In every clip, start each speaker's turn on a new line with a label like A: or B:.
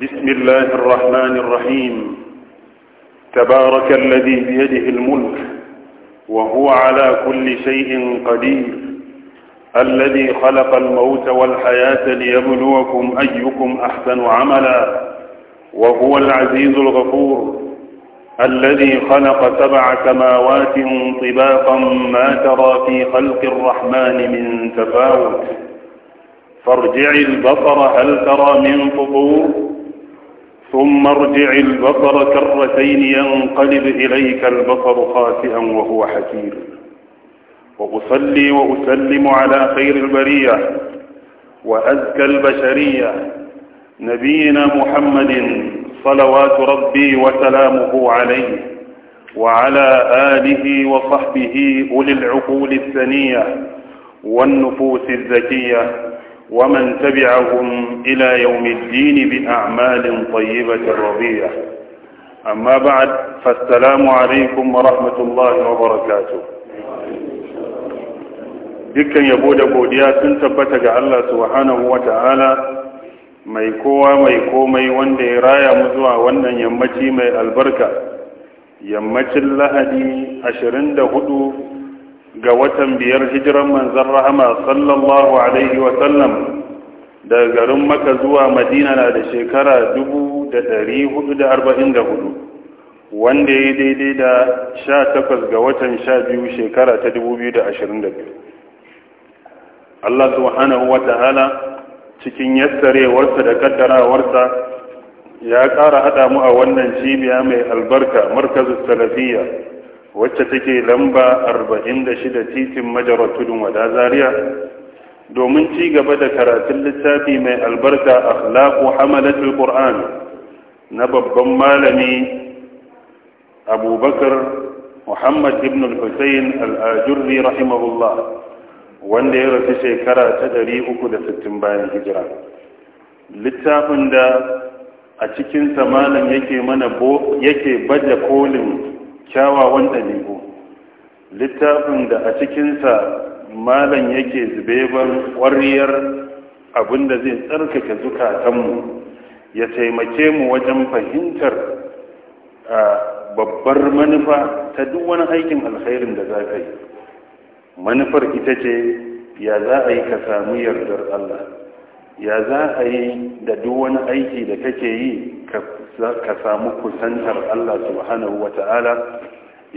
A: بسم الله الرحمن الرحيم تبارك الذي بيده الملك وهو على كل شيء قدير الذي خلق الموت والحياة ليبلوكم أيكم أحسن عملا وهو العزيز الغفور الذي خلق سبع سماوات طباقا ما ترى في خلق الرحمن من تفاوت فارجع البصر هل ترى من فطور ثم ارجع البصر كرتين ينقلب إليك البصر خاسئا وهو حسير وأصلي وأسلم على خير البرية وأزكى البشرية نبينا محمد صلوات ربي وسلامه عليه وعلى آله وصحبه أولي العقول الثنية والنفوس الزكية ومن تبعهم إلى يوم الدين بأعمال طيبة رضية أما بعد فالسلام عليكم ورحمة الله وبركاته دكا يبود بوديا سنتبتك على سبحانه وتعالى ما يكوى ما يكوى ما يوان ديرايا مزوع وانا يمتي ما البركة يمتي الله دي أشرند هدو ga watan biyar hijiran manzan rahama sallallahu alaihi wasallam daga garin maka zuwa madina na da shekara 1444 wanda ya daidai da 18 ga watan 12 shekara ta 2022 Allah subhanahu wa ta'ala cikin yassarewarsa da kaddarawarsa ya ƙara haɗa mu a wannan cibiya mai albarka markazin salafiyya wacce take lamba 46 titin majarar tudun wada zaria domin ci gaba da karatun littafi mai albarka akhlaqu hamalatul qur'an na babban malami abubakar muhammad ibn al-husayn al-ajurri rahimahullah wanda ya rasu shekara ta 360 bayan hijira littafin da a cikin samanin yake mana yake baje kolin kyawawan ɗabi'u littafin da a cikinsa malam yake zubeban ƙwariyar abin da zai tsarkake zukatanmu ya taimake mu wajen fahimtar a babbar manufa ta duk wani aikin alkhairin da za ka yi manufar ita ce ya za a yi ka samu yardar Allah ya za a yi da duk wani aiki da kake yi ka za ka samu kusantar Allah subhanahu wa ta'ala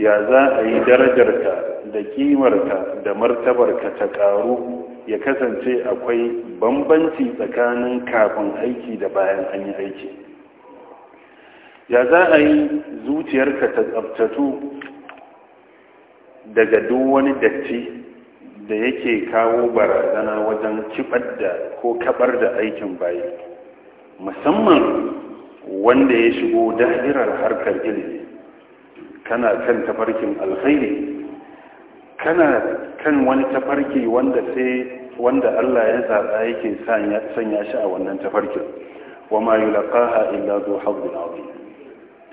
A: ya za a yi darajarka da ƙimarka da martabarka ta ƙaru ya kasance akwai bambanci tsakanin kafin aiki da bayan an yi aiki ya za a yi zuciyarka ta tsabtatu daga duk wani datti da yake kawo barazana wajen kibar da ko kabar da aikin bayi musamman wanda ya shigo hirar harkar ilimi kana kan tafarkin alkhairi kana kan wani tafarki wanda sai wanda Allah ya zaɓa yake sanya shi a wannan tafarkin wa ma yulqaha illa zu hazzin azim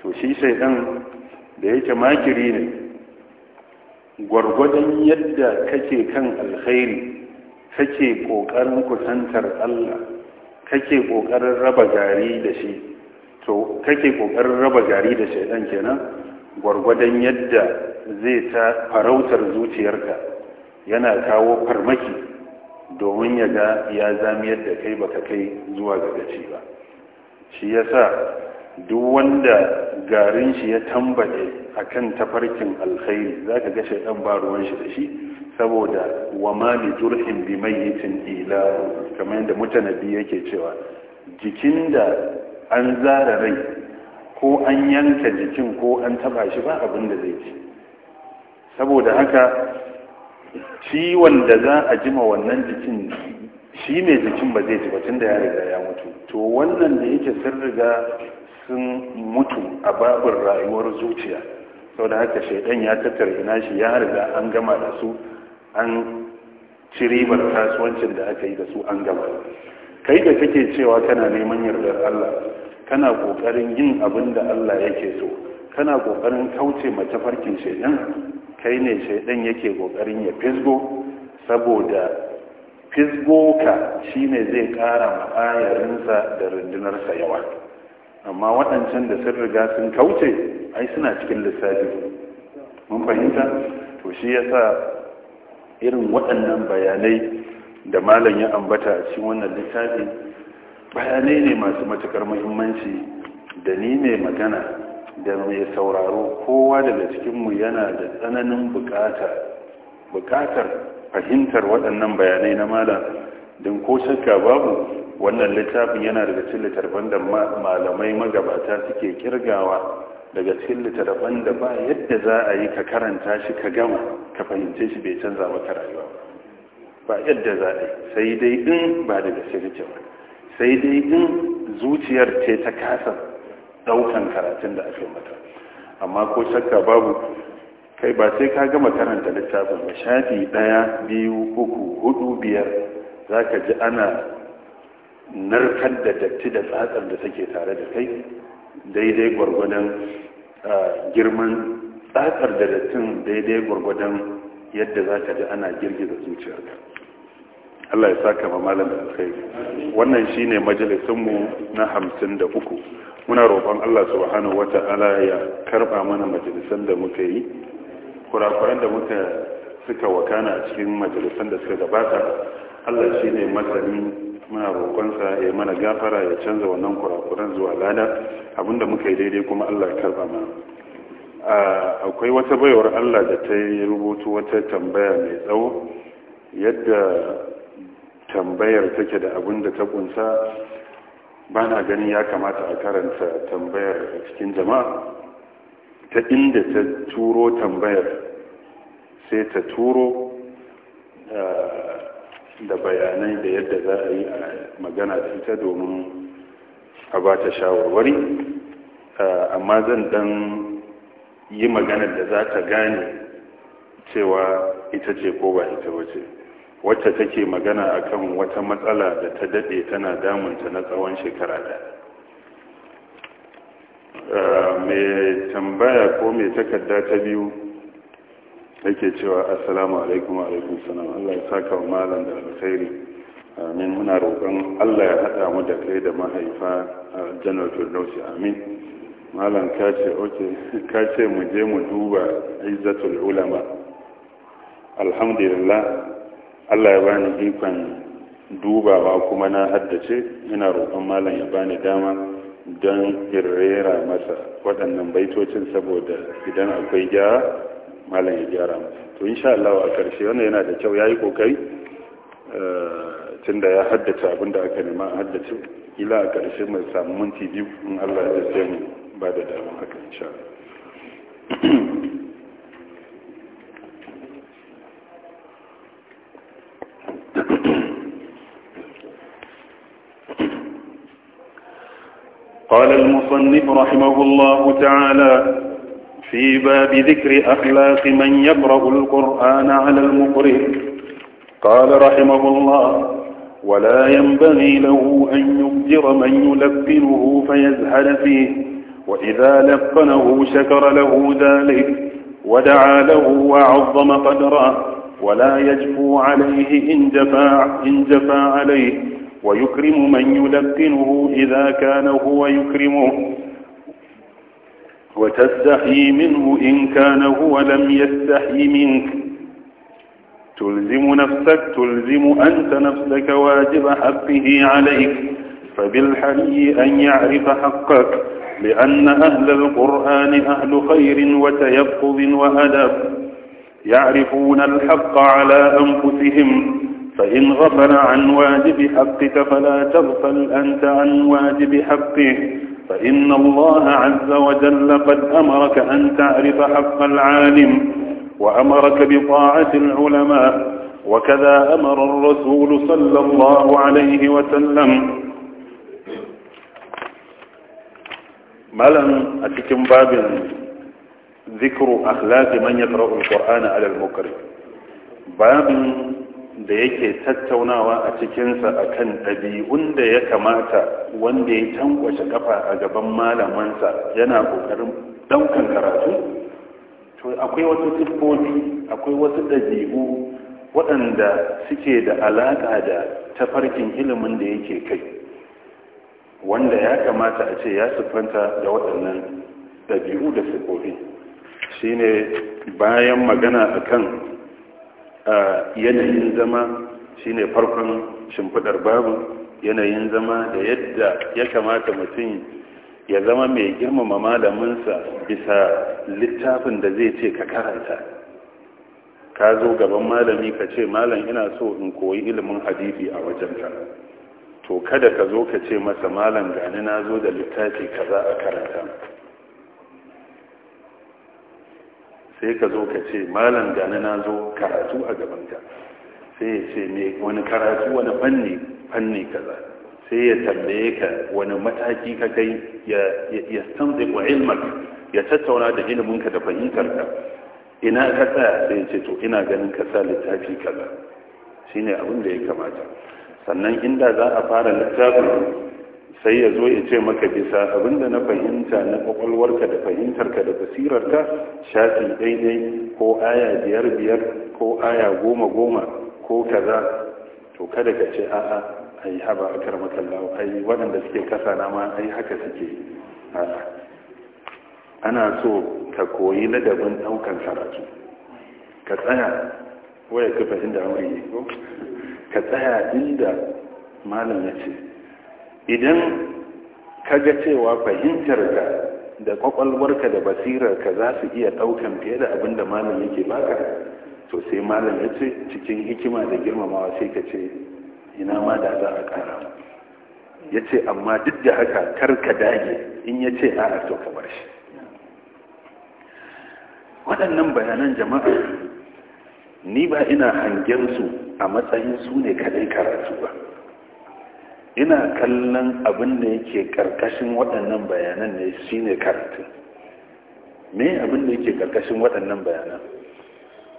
A: to shi sai dan da yake makiri ne gwargwadon yadda kake kan alkhairi kake kokarin kusantar Allah kake kokarin raba gari da shi to kake ƙoƙarin raba gari da shaidan kenan gwargwadon yadda zai ta farautar zuciyarka yana kawo farmaki domin ya ga ya zami yadda kai baka kai zuwa ga gaci ba shi yasa duk wanda garin shi ya tambaye kan tafarkin alkhairi zaka ga shaidan ba ruwan shi da shi saboda wa ma li jurhin bi mayyitin ila kamar yadda mutanabi yake cewa jikin da an zara rai ko an yanka jikin ko an taba shi ba abin da zai ci saboda haka ciwon da za a jima wannan jikin shi ne jikin ba zai ci ba tun da ya riga ya mutu to wannan da yake sun riga sun mutu a babin rayuwar zuciya sau da haka shaidan ya tattara shi ya riga an gama da su an ci ribar kasuwancin da aka yi da su an gama kai da kake cewa kana neman yardar Allah kana ƙoƙarin yin abin da Allah yake so kana ƙoƙarin kauce mace farkin shaidan kai ne shaidan yake ƙoƙarin ya fisgo saboda fisgo ka shine zai ƙara ma'ayarinsa da rundunarsa yawa amma waɗancan da sun riga sun kauce ai suna cikin lissafi mun fahimta to shi yasa irin waɗannan bayanai da malam ya ambata a cikin wannan littafi bayanai ne masu matukar muhimmanci da ni ne magana da mai sauraro kowa daga cikinmu yana da tsananin bukatar fahimtar waɗannan bayanai na malam don ko shakka babu wannan littafin yana daga cikin littattafan da malamai magabata suke kirgawa daga cikin littattafan da ba yadda za a yi ka karanta shi ka gama ka fahimce shi bai canza maka rayuwa ba yadda za a yi sai dai in ba daga sirri ba sai dai in zuciyar ce ta kasa daukan karatun da aka mata amma ko shakka babu kai ba sai ka gama karanta littafin ba shafi ɗaya biyu uku hudu biyar za ka ji ana narkar da datti da tsatsar da take tare da kai daidai gwargwadon girman tsatsar da dattin daidai gwargwadon yadda za ka ji ana girgiza zuciyarka Allah ya saka ma malam da alkhairi wannan shine majalisin mu na 53 muna roƙon Allah subhanahu wata'ala ya karba mana majalisan da muka yi kurakuran da muka suka wakana a cikin majalisan da suka gabata Allah shine masani muna roƙonsa ya mana gafara ya canza wannan kurakuran zuwa lada abinda muka yi daidai kuma Allah ya karba mana akwai wata bayawar Allah da ta yi rubutu wata tambaya mai tsawo yadda tambayar take da abin da ta kunsa ba na ganin ya kamata a karanta tambayar a cikin jama'a ta inda ta turo tambayar sai ta turo eh, da bayanai da yadda za a yi a magana da ita domin a ba ta shawarwari eh, amma zan dan yi magana da za ta gane cewa ita ce ko ba ita wace. wacce take magana akan wata matsala da ta dade tana damunta na tsawon shekara da. Eh, mai tambaya ko mai takarda ta biyu yake cewa assalamu alaikum wa alaikum salam Allah ya saka wa malam da alkhairi amin muna roƙon Allah ya hada mu da kai da mahaifa janar firdausi amin malam ka ce oke ka ce mu je mu duba izzatul ulama alhamdulillah Allah ya bani ikon dubawa kuma na haddace ina roƙon malam ya bani dama don irrera masa waɗannan baitocin saboda idan akwai gyara malam ya gyara to insha Allah a ƙarshe wannan yana da kyau yayi kokari eh, tunda ya haddace abin da aka nema a haddace ila a ƙarshe mai samu minti biyu in Allah ya sai mu ba da dama haka insha Allah قال المصنف رحمه الله تعالى في باب ذكر أخلاق من يقرأ القرآن على المقرئ قال رحمه الله ولا ينبغي له أن يبجر من يلبنه فيزهد فيه وإذا لبنه شكر له ذلك ودعا له وعظم قدره ولا يجفو عليه إن جفا إن جفى عليه ويكرم من يلقنه إذا كان هو يكرمه وتستحي منه إن كان هو لم يستحي منك تلزم نفسك تلزم أنت نفسك واجب حقه عليك فبالحري أن يعرف حقك لأن أهل القرآن أهل خير وتيقظ وأدب يعرفون الحق على أنفسهم فإن غفل عن واجب حقك فلا تغفل أنت عن واجب حقه فإن الله عز وجل قد أمرك أن تعرف حق العالم وأمرك بطاعة العلماء وكذا أمر الرسول صلى الله عليه وسلم ملم أتكم باب ذكر أخلاق من يقرأ القرآن على المكره باب da yake tattaunawa a cikinsa a kan ɗabi'un da ya kamata wanda ya tankwace kafa a gaban malamansa yana ƙoƙarin ɗaukan karatu to akwai wasu siffofi akwai wasu ɗabi'u waɗanda suke da alaƙa da tafarkin ilimin da yake kai wanda ya kamata a ce ya siffanta da waɗannan ɗabi'u da siffofi ne bayan magana akan a yanayin zama shine farkon shimfidar babu yanayin zama da yadda ya kamata mutum ya zama mai girmama malaminsa bisa littafin da zai ce ka karanta ka zo gaban malami ka ce malam ina so in koyi ilimin hadisi a wajenka to kada ka zo ka ce masa malam gani na zo da littafi ka za a karanta sai ka zo ka ce malam gani na zo karatu a gabanka sai ya ce me wani karatu wani fanni fanni kaza sai ya tambaye ka wani mataki ka kai ya ya wa ilmar ya tattauna da iliminka da fahimtarka ina ka tsaya sai ya ce to ina ganin ka sa littafi kaza shine abin da ya kamata sannan inda za a fara littafin sai ya zo ya ce maka bisa abin da na fahimta na kwakwalwarka da fahimtarka da basirarka shafi daidai ko aya biyar biyar ko aya goma goma ko kaza to kada ka ce a'a yi haba a karmakan ai waɗanda suke kasa na ma ai haka suke a'a ana so ka koyi ladabin ɗaukan karatu ka tsaya waya ka fahimta wuri ne ko ka tsaya inda malam ya ce idan ka ga cewa fahimtarka da kwakwalwarka da basirarka za su iya ɗaukan fiye da abin da malam yake baka to sai malam ya ce cikin hikima da girmamawa sai ka ce ina ma da za a ƙara ya ce amma duk da haka kar ka dage in ya ce a'a to ka bar shi waɗannan bayanan jama'a ni ba ina hangen su a matsayin su ne kaɗai karatu ba ina kallon abin da yake karkashin waɗannan bayanan ne shine karatu me abin da yake karkashin waɗannan bayanan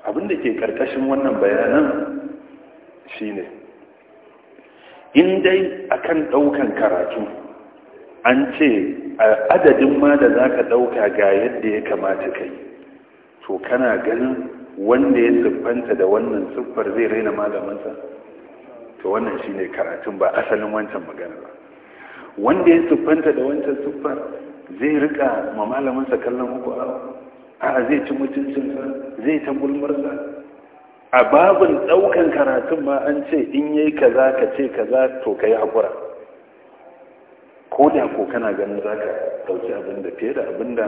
A: abin da ke karkashin wannan bayanan shine in dai akan ɗaukan karatu an ce adadin ma da za ka ɗauka ga yadda ya kamata kai to kana ganin wanda ya siffanta da wannan siffar zai raina malamansa to wannan shine karatun ba asalin wancan magana ba wanda ya siffanta da wancan siffar zai rika ma malaminsa kallon muku a zai ci mutuncinsa zai ta gulmarsa a babin ɗaukan karatun ma an ce in yi kaza ka ce kaza to ka yi haƙura ko da ko kana ganin za ka ɗauki abin da fiye da abin da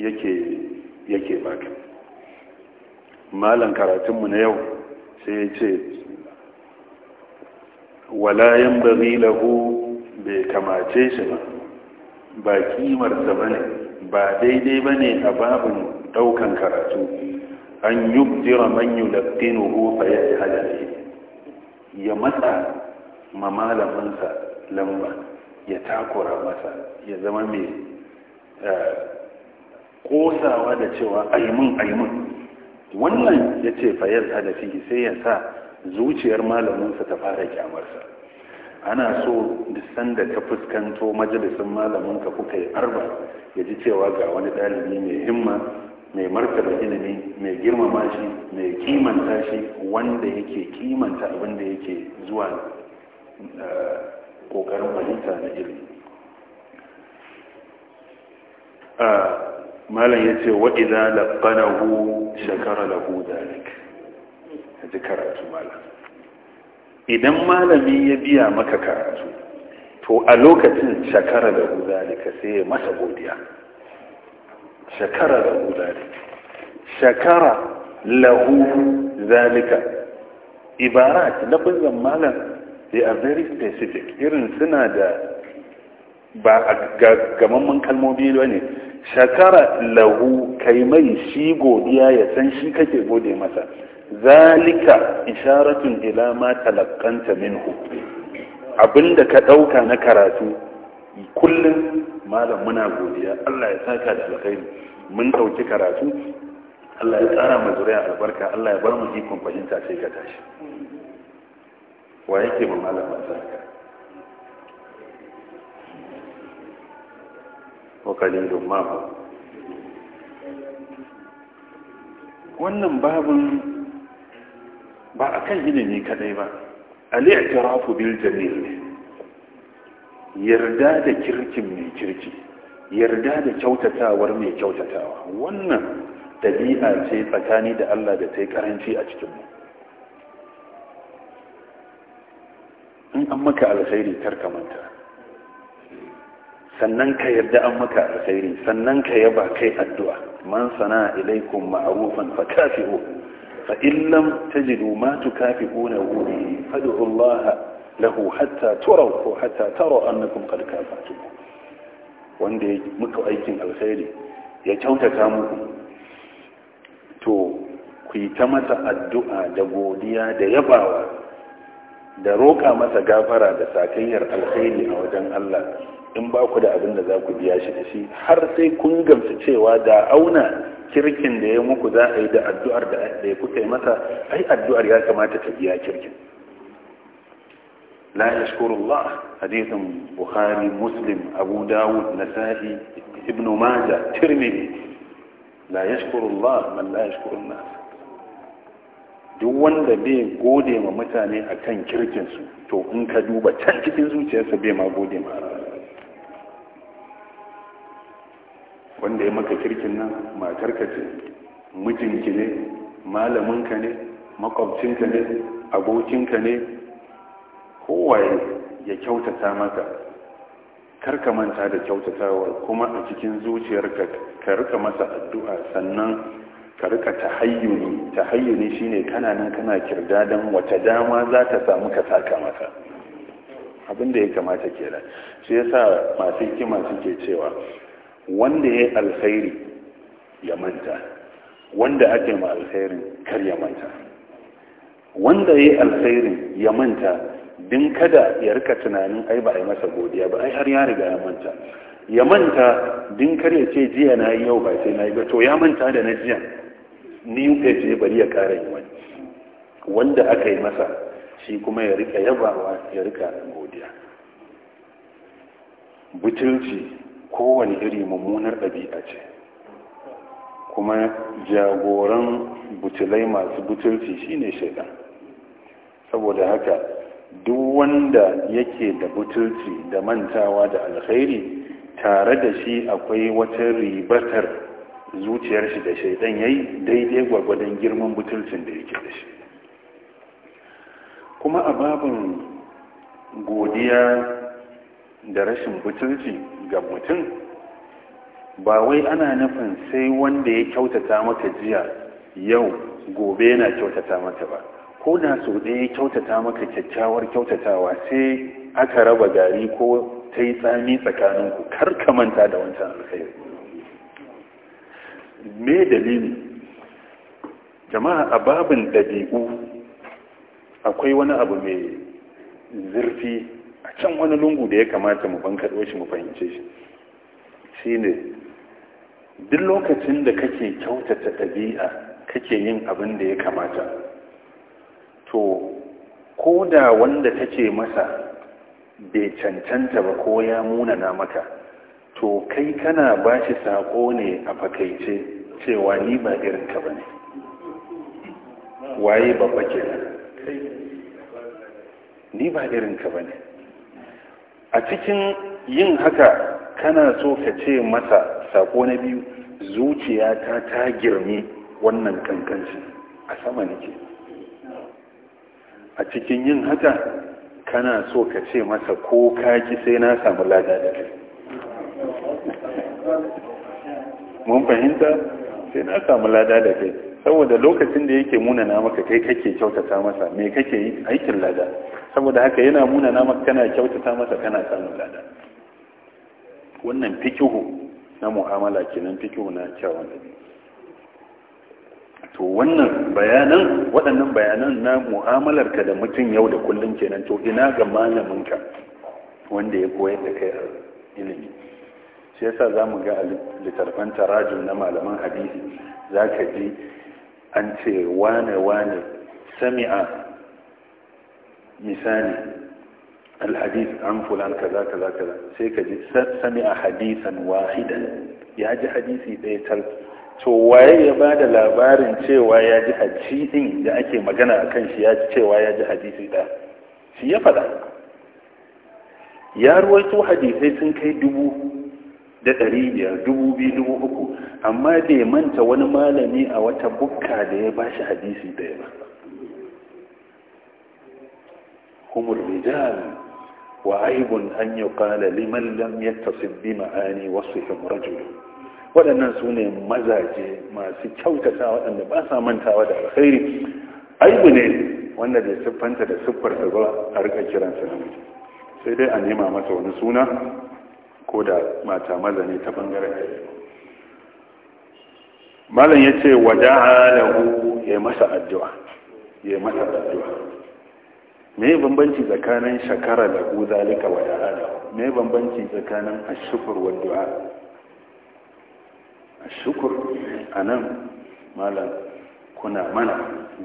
A: yake baka Malam karatunmu na yau sai ya ce walayen bari lahu bai kamace shi ba ba kimarsa ba ne ba daidai ba ne a babin ɗaukan karatu an yubjira man yulaqinuhu fa hufa ya matsa ma malaminsa lamba ya takura masa ya zama mai eh, ƙosawa da cewa aimun aimun wannan ya ce fayar da fihi sai ya sa zuciyar malaminsa ta fara kyamarsa ana so disan da ka fuskanto majalisun malaminka kuka yi arba ya ji cewa ga wani ɗalibi mai himma mai martaba ilimi mai girmama shi mai kimanta shi wanda yake kimanta abin da yake zuwa kokarin eh, fahimta na ilimi eh, malam ya ce wa idza laqanahu shakara lahu dalik ji karatu malam idan malami ya biya maka karatu to a lokacin shakara lahu dalika sai ya masa godiya shakara lahu dalika shakara lahu dalika ibarat lafazan malam they are very specific irin suna da ba gamamman kalmomi ne shakara lahu kai mai shi godiya ya san shi kake gode masa zalika isharatun ila ma talaqqanta minhu abinda ka dauka na karatu kullum malam muna godiya Allah ya saka da alkhairi mun dauki karatu Allah ya tsara mu zuriya albarka Allah ya bar mu ikon fahimta sai ka tashi wa yake mu malam barka وقليل ما هو wannan babin ba a kan ilimi kadai ba al'itirafu bil jamil yarda da kirkin mai kirki yarda da kyautatawar mai kyautatawa wannan dabi'a ce tsakani da Allah da ta yi karanci a cikinmu in an maka alkhairi tarkamanta. sannan ka yarda an maka alkhairi sannan ka yaba kai addu'a man sana ilaikum ma'rufan fa kafi'u fa in lam tajidu ma tukafi'una bihi fad'u Allah lahu hatta turaw ko hatta taraw annakum qad kafatu wanda ya muku aikin alkhairi ya kyautata muku to ku yi ta masa addu'a da godiya da yabawa da roƙa masa gafara da sakayyar alkhairi a wajen Allah in ba ku da abin da za ku biya shi da shi har sai kun gamsu cewa da auna kirkin da ya muku za a yi da addu'ar da ya kuka yi masa ai addu'ar ya kamata ta biya kirkin la yashkurullah hadithin bukhari muslim abu dawud nasa'i ibn majah tirmidhi la yashkurullah man la yashkurun duk wanda bai gode ma mutane akan kirkin su to in ka duba can cikin zuciyarsa bai ma gode ma Allah wanda ya maka kirkin nan matarka ce mijinki ne malaminka ne makwabcinka ne abokinka ne kowaye ya kyautata maka karka manta da kyautatawa kuma a cikin zuciyarka ka rika masa addu'a sannan ka rika tahayyuni tahayyuni shine kana nan kana kirdadan wata dama za ta samu ka saka masa abin ya kamata kenan shi yasa masu hikima suke cewa wanda ya alkhairi ya manta wanda ake ma alkhairin kar ya manta wanda ya alkhairin ya manta din kada ya rika tunanin ai ba a masa godiya ba ai har ya riga ya manta ya manta din kar ya ce jiya na yau ba sai na yi ba to ya manta da na jiya ni ya ce bari ya kara yi wani wanda aka yi masa shi kuma ya rika yabawa ya rika godiya butulci kowane iri mummunar ɗabi'a ce kuma jagoran butulai masu butulci shine shaidan saboda haka duk wanda yake da butulci da mantawa da alkhairi tare da shi akwai wata ribatar zuciyar shi da shaidan yi daidai gwagwadon girman butulcin da yake da shi kuma a babin godiya da rashin butulci ga mutum ba wai ana nufin sai wanda ya kyautata maka jiya yau gobe yana kyautata maka ba ko da sau ɗaya ya kyautata maka kyakkyawar kyautatawa sai aka raba gari ko ta yi tsami tsakaninku kar ka manta da wancan alkhairu me dalili jama'a a babin ɗabi'u akwai wani abu mai zurfi can wani lungu da ya kamata mu bankaɗo shi mu fahimce shi ne. duk lokacin da kake kyautata ɗabi'a kake yin abin da ya kamata to ko da wanda take masa bai cancanta ba ko ya munana maka to kai kana ba shi saƙo ne a fakaice cewa ni ba irinka ba ne
B: waye babba ke
A: ni ba irinka ba ne a cikin yin haka kana so ka ce masa sako na biyu zuciya ta ta girme wannan kankanci a sama nake a cikin yin haka kana so ka ce masa ko kaki sai na samu lada da kai mun fahimta sai na samu lada da kai saboda lokacin da yake muna na maka kai kake kyautata masa me kake yi aikin lada saboda haka yana muna na kana kyautata masa kana samun lada wannan fikihu na mu'amala kenan fikihu na kyawun to wannan bayanan waɗannan bayanan na mu'amalar ka da mutum yau da kullum kenan to ina ga malaminka wanda ya koyar da kai ilimi sai yasa za mu ga a littattafan tarajin na malaman hadisi za ka ji an ce wane wane sami'a misali alhadith an fulan kaza kaza kaza sai ka ji sami a hadisan wahidan ya ji hadisi ɗaya tal to waye ya ba da labarin cewa ya ji hadisi ɗin da ake magana a kan shi ya ji cewa ya ji hadisi ɗaya shi ya faɗa ya ruwaito hadisai sun kai dubu da ɗari biyar dubu biyu dubu uku amma bai manta wani malami a wata bukka da ya ba shi hadisi ɗaya ba هم الرجال وعيب أن يقال لمن لم يتصف بمعاني وصفهم رجل waɗannan su ne mazaje masu kyautata waɗanda ba sa mantawa da alkhairi aibu ne wanda bai siffanta da siffar ba a rika kiransa namiji sai dai a nema masa wani suna ko da mata maza ne ta bangaren ta malam ya ce wada'a lahu ya ya masa addu'a me bambanci tsakanin shakara da ku zalika wa da'ala me bambanci tsakanin ashukur wa du'a ashukur a nan, malam kuna mana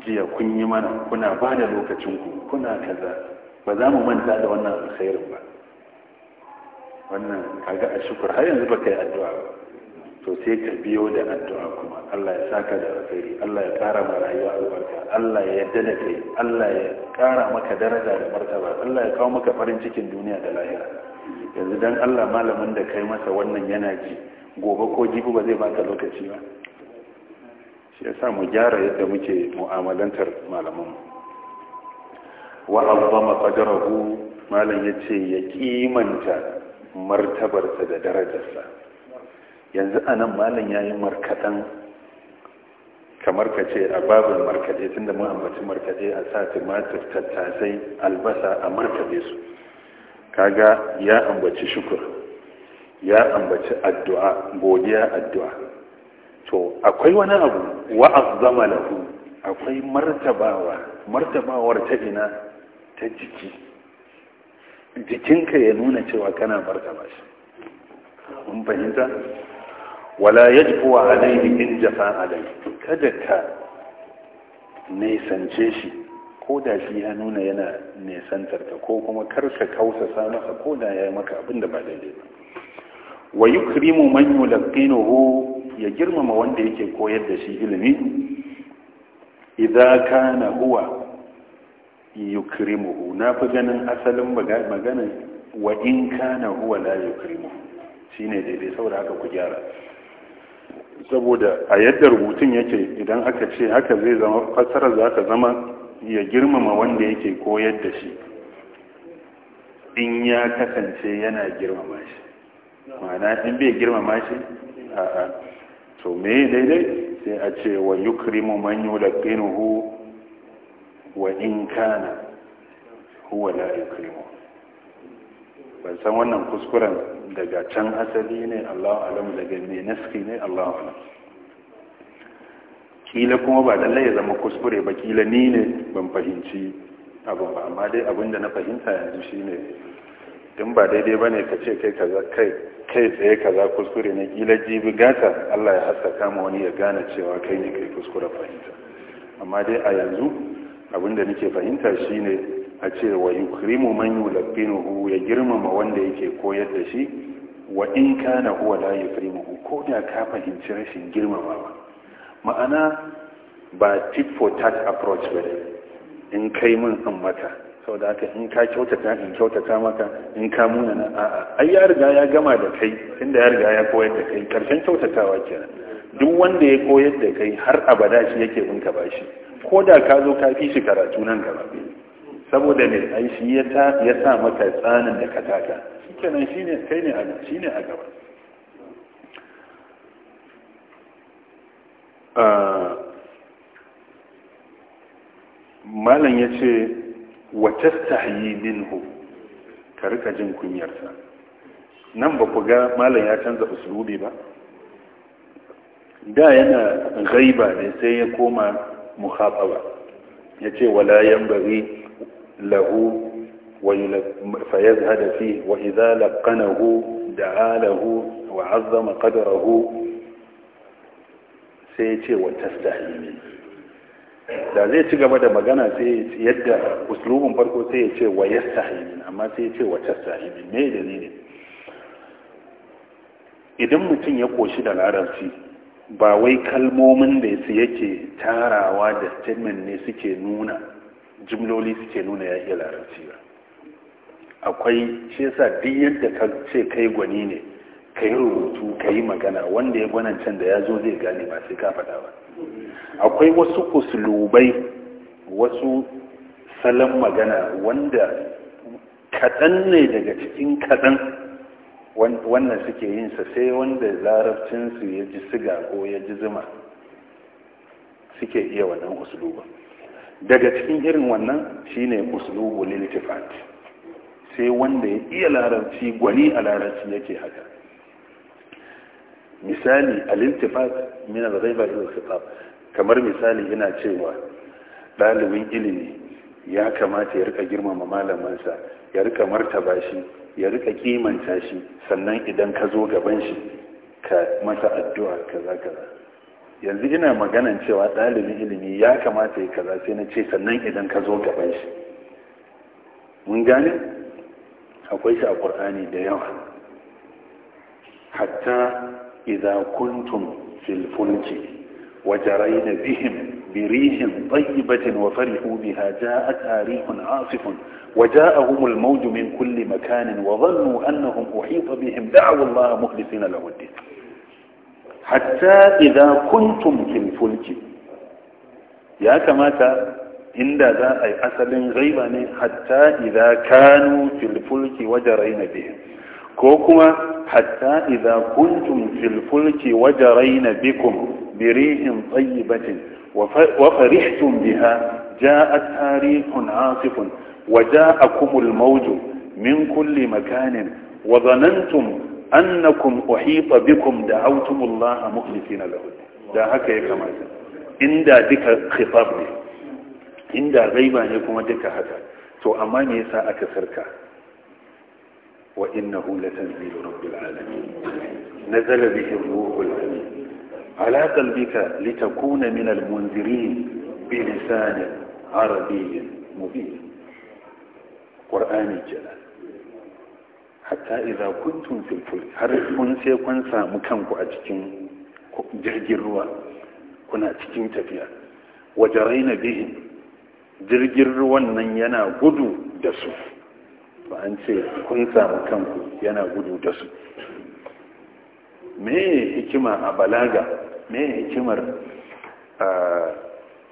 A: jiya kun yi mana kuna ba da lokacinku kuna kaza ba za mu manta da wannan alkhairin ba wannan kaga ashukur har yanzu baka yi addu'a ba to sai ka biyo da addu'a kuma Allah ya saka da alkhairi Allah ya kara ma rayuwa albarka Allah ya yarda da kai Allah ya ƙara maka daraja da martaba Allah ya kawo maka farin cikin duniya da lahira yanzu dan Allah malamin da kai masa wannan yana ji gobe ko jibi ba zai baka lokaci ba shi yasa mu gyara yadda muke mu'amalantar malaman wa azzama qadarahu malam yace ya kimanta martabarsa da darajarsa yanzu a nan malin ya yi markaɗan kamar ka ce a babin markaɗe tunda da ma'ambaci markaɗe a sa timatir tattasai albasa a markaɗe su kaga ya ambaci shukur ya ambaci addu'a godiya addu'a to akwai wani abu zama lahu akwai martabawa martabawar ta ina ta jiki jikinka ya nuna cewa kana martaba shi mun fahimta wala yajfu alayhi in jafa alayhi kada ka nisance shi ko da shi ya nuna yana nisantar ka ko kuma karka kausa masa ko da ya maka abin ba daidai ba wa yukrimu man yulqinuhu ya girmama wanda yake koyar da shi ilimi idza kana huwa yukrimuhu na fi ganin asalin magana wa in kana huwa la yukrimuhu shine daidai saboda haka ku gyara saboda a yadda rubutun yake idan aka ce haka zai zama fassara za ka zama ya girmama wanda yake koyar da shi in ya kasance yana girmama shi ma'ana in bai girmama shi a a to me daidai sai a ce wa yukrimu man yulaqinuhu wa in kana huwa la yukrimu ban san wannan kuskuren daga can asali ne Allahu alam daga ne naski ne Allahu alam kila kuma ba lallai ya zama kuskure ba kila ni ne ban fahimci abin ba amma dai abin da na fahimta yanzu shine din ba daidai ba ne ka ce kai kaza kai kai tsaye kaza kuskure ne kila jibi gata Allah ya haska ma wani ya gane cewa kai ne kai kuskure fahimta amma dai a yanzu abin da nake fahimta shine a ce wa yukrimu man yulabbinuhu ya girmama wanda yake koyar da shi wa in kana huwa la yukrimuhu ko da ka fahimci rashin girmamawa ma'ana ba tit for tat approach ba in kai min in maka saboda haka in ka kyautata in kyautata maka in ka muna na a'a ai ya riga ya gama da kai inda ya riga ya koyar da kai karshen kyautatawa kenan duk wanda ya koyar da kai har abada shi yake bin ka bashi ko da ka zo ka fi shi karatu nan gaba saboda ne ai shi ya ta ya sa maka tsanin da ka taka shikenan shine kai ne a shine a gaba ah, malam ya ce wata stahayi minhu ka jin kunyarsa nan ba ku ga malam ya canza usulubi ba da yana gaiba ne sai ya koma muhababa ya ce wala yan bari له فيزهد فيه وإذا لقنه دعا له وعظم قدره سيتي وتستهيمي da zai ci gaba da magana sai yadda uslubin farko sai ya ce wa yastahimin amma sai ya ce wa tastahimin me ne idan mutum ya koshi da larabci ba wai kalmomin da su yake tarawa da statement ne suke nuna jimloli suke nuna ya iya larabci ba akwai shi yasa duk yadda ka ce kai gwani ne ka yi rubutu ka yi magana wanda ya gwanan can da ya zo zai gane ba sai ka faɗa ba akwai wasu usulubai wasu salon magana wanda kaɗan ne daga cikin kaɗan wannan suke yinsa sai wanda larabcinsu ya ji siga ko ya ji zuma suke iya wannan usuluban daga cikin irin wannan shine uslubu lil sai wanda ya iya larabci gwani a larabci yake haka misali a iltifat min al ghaiba ila kamar misali yana cewa ɗalibin ilimi ya kamata ya rika girmama malamansa ya rika martaba shi ya rika kimanta shi sannan idan ka zo gaban shi ka masa addu'a kaza kaza yanzu ina magana cewa ɗalibin ilimi ya kamata ya kaza sai na ce sannan idan ka zo gaban shi mun gane akwai shi a qur'ani da yawa hatta idza kuntum fil fulki وجرين بهم بريح طيبة وفرحوا بها جاءت ريح عاصف وجاءهم الموج من كل مكان وظنوا أنهم أحيط بهم دعوا الله مخلصين له الدين حتى إذا كنتم في الفلك يا كما إن ذا أي أسل غيبان حتى إذا كانوا في الفلك وجرين بهم كوكما حتى إذا كنتم في الفلك وجرين بكم بريح طيبة وفرحتم بها جاءت ريح عاصف وجاءكم الموج من كل مكان وظننتم أنكم أحيط بكم دعوتم الله مخلصين له ده هكا يكما عند ذلك خطاب لي عند غيبا يكون ذلك هكا تو أما نيسا أكسرك وإنه لتنزيل رب العالمين نزل به الروح العالمين على قلبك لتكون من المنذرين بلسان عربي مبين قرآن الجلال hatta idza kuntum fil fulk har kun sai kun samu kanku a cikin jirgin ruwa kuna cikin tafiya wajaraina bihi jirgin ruwan nan yana gudu da su ba an ce kun samu kanku yana gudu da su me hikima a balaga me hikimar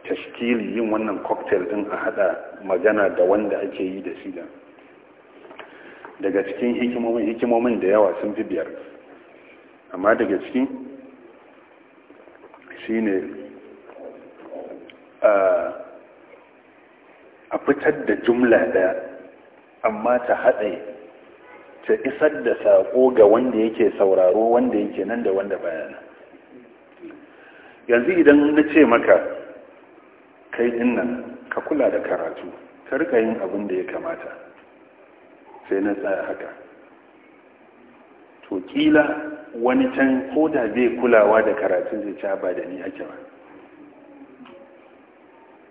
A: tashkili yin wannan cocktail din a hada magana da wanda ake yi da shi da daga cikin hikimomin hikimomin da yawa sun fi biyar amma daga ciki shine a fitar da jumla daya amma ta haɗe ta isar da saƙo ga wanda yake sauraro wanda yake nan da wanda bayana yanzu idan na ce maka kai dinnan ka kula da karatu ka rika yin abin da ya kamata sai na tsaya haka to kila wani can ko da bai kulawa da karatun zai ci ah, ba da ni ake ba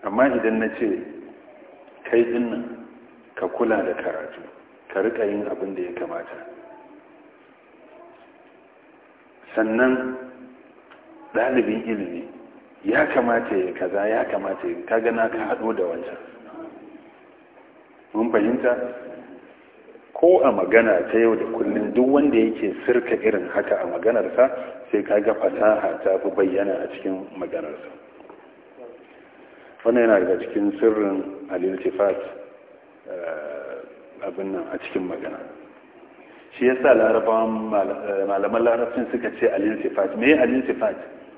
A: amma idan na ce kai nan ka kula da karatu ka rika yin abin da ya kamata sannan ɗalibin ilimi ya kamata ya kaza ya kamata ya kaga na ka haɗo da wancan mun fahimta ko a magana ta yau da kullum duk wanda yake sirka irin haka a maganarsa sai ka ga fasaha ta fi bayyana a cikin maganarsa wannan yana daga cikin sirrin al eh, abin nan a cikin magana shi ya sa larabawan eh, malaman larabcin suka ce al me al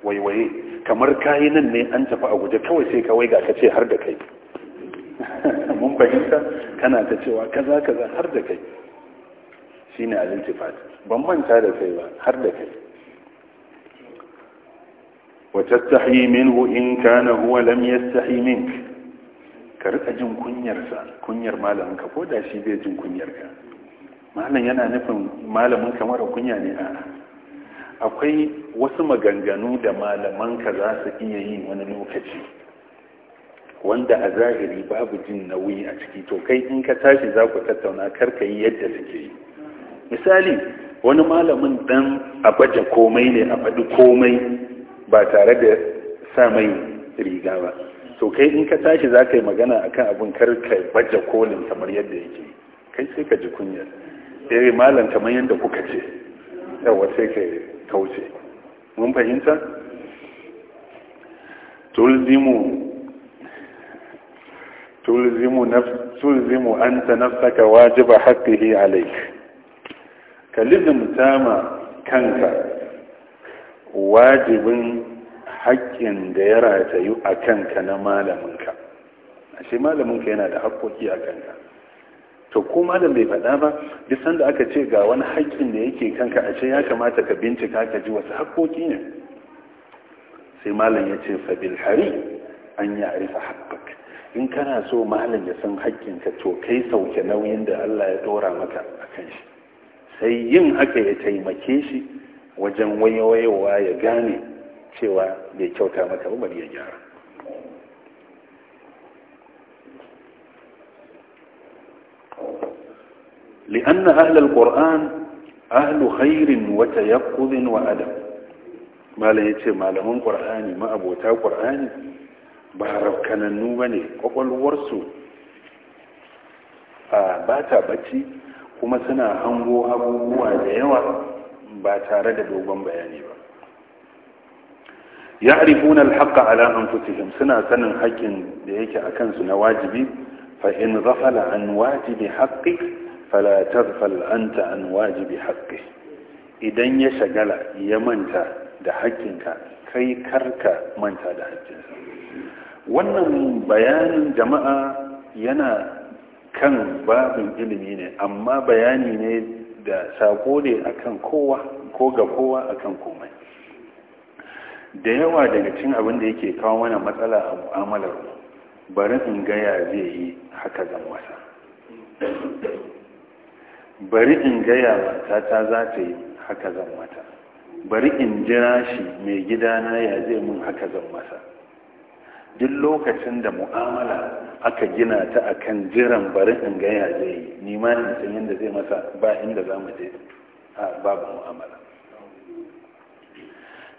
A: waiwaye kamar kayi nan ne an tafi a guje kawai sai kawai ga ka ce har da kai mun fahimta kana ta cewa kaza kaza har da kai shine al-iltifat ban manta da kai ba har da kai wa tastahi minhu in kana huwa lam yastahi mink ka rika jin kunyar sa kunyar malamin ka ko da shi bai jin kunyar ka malam yana nufin malamin ka mara kunya ne a akwai wasu maganganu da malaman ka za su iya yi wani lokaci wanda a zahiri babu jin nauyi a ciki to kai in ka tashi za ku tattauna karka yi yadda suke yi misali wani malamin dan a baje komai ne a faɗi komai ba tare da sa mai riga ba to kai in ka tashi za ka yi magana akan abin karka baje kolin kamar yadda yake kai sai ka ji kunya eh malam kamar yadda kuka ce yawa sai ka kauce mun fahimta tulzimu تلزم, نف... تلزم أنت نفسك واجب حقه عليك كلزم تاما كنك واجب حق ديرا تيو أكنك نمال منك ashe malaminka yana da ده a kanka to ko malam bai faɗa ba duk sanda aka ce ga wani haƙƙin da yake kanka ashe ya kamata ka bincika ka ji wasu haƙƙoƙi ne sai malam ya ce bil hari an ya arifa in kana so malam ya san haƙƙinka to kai sauke nauyin da Allah ya ɗora maka a kan shi sai yin haka ya taimake shi wajen wayewa ya gane cewa bai kyauta maka ba bari ya gyara لأن أهل القرآن أهل خير وتيقظ وأدب ما لا يتي ما لهم قرآني ما abota قرآني ba rafkanannu ba ne kwakwalwarsu ba ta bacci kuma suna hango abubuwa da yawa ba tare da dogon bayani ba ya arifuna alhaqa ala anfusihim suna sanin haƙƙin da yake a kansu na wajibi fa in an wajibi haqqi fala taghfal an wajibi haƙƙi. idan ya shagala ya manta da haƙƙinka kai karka manta da haƙƙinsa wannan bayanin jama'a yana kan babin ilimi ne amma bayani ne da sako ne kan kowa ko ga kowa a kan komai da yawa daga cin abin da yake kawo mana matsala a mu'amalar bari in gaya zai yi haka zan wasa. bari in gaya matata za ta yi haka zan wata bari in jira shi mai gidana ya zai mun haka zan wasa. duk lokacin da mu'amala aka gina ta a kan jiran bari in gaya zai yi ni ma yadda zai masa ba inda za mu je a babu mu'amala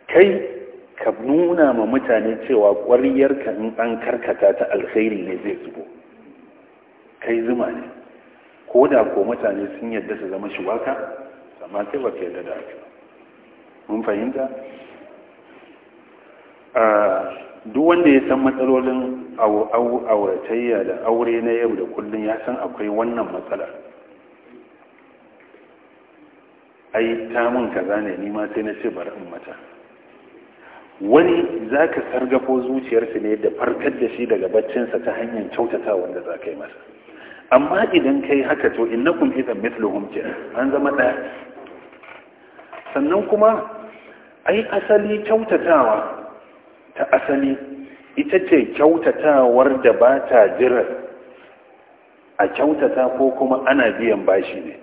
A: kai ka nuna ma mutane cewa ƙwariyarka in an karkata ta alkhairi ne zai zubo kai zuma ne ko da ko mutane sun yadda su zama shuwaka amma sai ba ka da mun fahimta duk wanda ya san matsalolin auratayya da aure na yau da kullum ya san akwai wannan matsala. ai ta mun kaza ne nima sai na ce bari in mata wani za ka sargafo zuciyarsa ne da farkar da shi daga baccinsa ta hanyar kyautata wanda za ka yi masa amma idan ka haka to innakum idan mithluhum ke an zama ɗaya sannan kuma ai asali kyautatawa ta asali ita ce kyautatawar da ba ta jira a kyautata ko kuma ana biyan bashi ne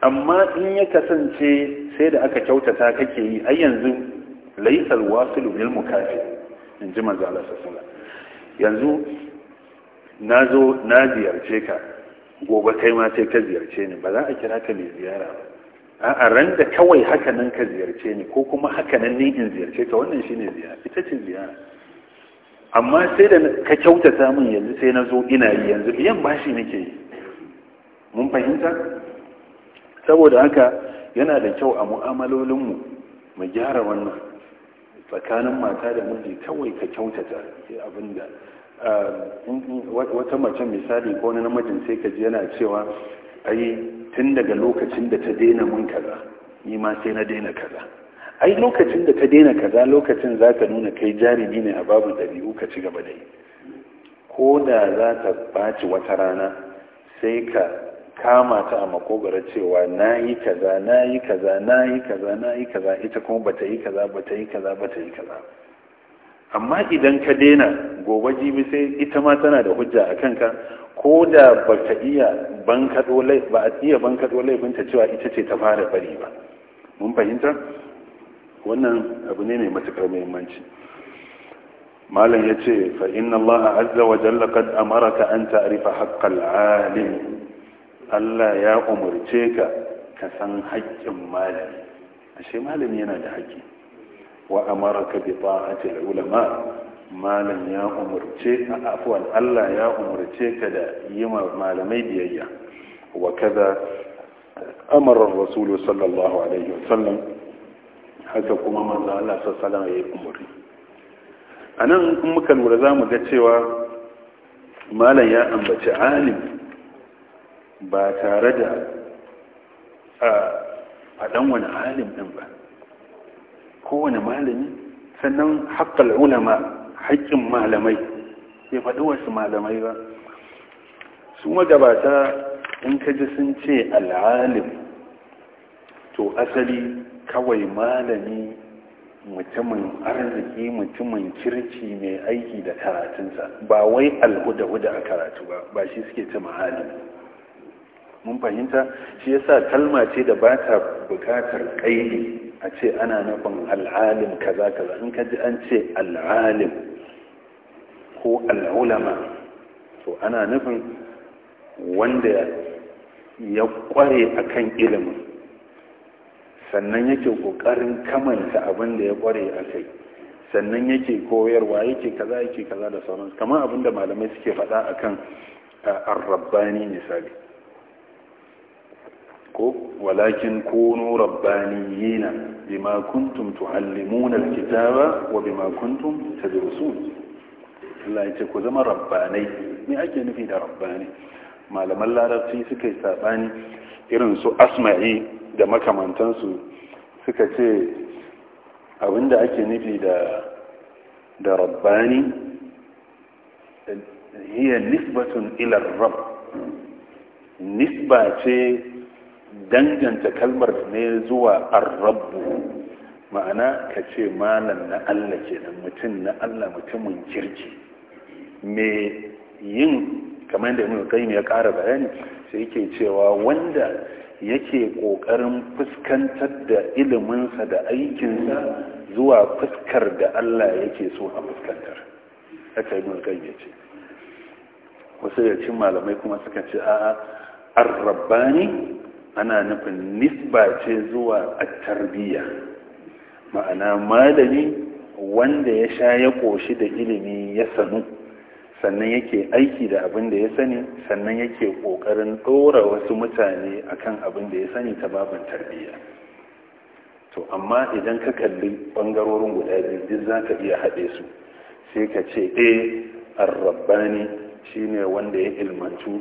A: amma in ya kasance sai da aka kyautata kake yi a yanzu laisar wasu lumil mukafi in ji manzo yanzu na zo na ziyarce ka gobe kai ma sai ka ziyarce ni ba za a kira ka mai ziyara ba a ran da kawai haka nan ka ziyarce ni ko kuma haka nan ni in ziyarce ka wannan shi ne ziyara ita ce ziyara amma sai da ka kyautata min yanzu sai na zo ina yi yanzu biyan bashi nake yi mun fahimta saboda haka yana da kyau a mu'amalolinmu mu gyara wannan tsakanin mata da miji kawai ka kyautata abin da ah, wata mace misali ko na namijin sai ka ji yana cewa ai tun daga lokacin da ta daina mun kaza ni ma sai na daina kaza ai lokacin da ta daina kaza lokacin za ka nuna kai jarumi ne a babu ɗabi'u ka ci gaba da yi ko da za ta baci wata rana sai ka kama ta a makogara cewa na yi kaza na yi kaza na yi kaza na yi kaza ita kuma ba ta yi kaza ba ta yi kaza ba ta yi kaza amma idan ka daina gobe jibi sai ita ma tana da hujja a kanka ko da ba ta iya bankaɗo ba a iya bankaɗo laifinta cewa ita ce ta fara bari ba mun fahimta wannan abu ne mai matuƙar muhimmanci malam ya ce fa inna allaha azza wa jalla qad amaraka an ta'rifa haqqal alim Allah ya umarce ka ka san haƙƙin malami ashe malami yana da haƙƙi wa amaraka bi ta'ati ulama malam ya umarce a afuwan Allah ya umarce ka da yi malamai biyayya wa kaza amarar rasulu sallallahu alaihi wasallam haka kuma manzo Allah sallallahu alaihi umarni a nan in muka lura za mu ga cewa malam ya ambaci alim ba tare da a dan wani alim ɗin ba kowane malami sannan haƙƙal ulama haƙƙin malamai bai faɗi wasu malamai ba su magabata in ka ji sun ce al'alim to asali kawai malami mutumin arziki mutumin kirki mai aiki da karatunsa ba wai alhuda a karatu ba ba shi suke ta mahalin mun fahimta shi yasa kalma ce da ba ta bukatar kaili a ce ana nufin al'alim kaza kaza in ka ji an ce al'alim ko al'ulama to ana nufin wanda ya kware akan ilimin sannan yake ƙoƙarin kamanta abin da ya kware a kai sannan yake koyarwa yake kaza yake kaza da sauran kamar abin da malamai suke faɗa akan arrabbani misali ko walakin kunu rabbaniyina bima kuntum tuallimuna alkitaba wa bima kuntum tadrusun Allah ya ce ku zama rabbanai me ake nufi da rabbani malaman larabci suka yi saɓani irin su asma'i da makamantansu suka ce abinda ake nufi da da rabbani hiya nisbatun ilar rabb nisba ce danganta kalmar ne zuwa ar ma'ana ka ce malam na Allah ke nan mutum na Allah mutumin kirki mai yin kamar yadda kai ne ya ƙara bayani sai yake cewa wanda yake ƙoƙarin fuskantar da iliminsa da aikinsa zuwa fuskar da Allah yake so a fuskantar haka ibn kai ya ce wasu da cin malamai kuma suka ce a ar-rabbani ana nufin nisba ce zuwa at-tarbiyya ma'ana malami wanda ya sha ya koshi da ilimi ya sanu sannan yake aiki da abin da ya sani sannan yake ƙoƙarin ɗora wasu mutane akan abin da ya sani ta babin tarbiyya to amma idan ka kalli ɓangarorin guda biyu duk za ka iya haɗe su sai ka ce e arrabbani shine wanda ya ilmantu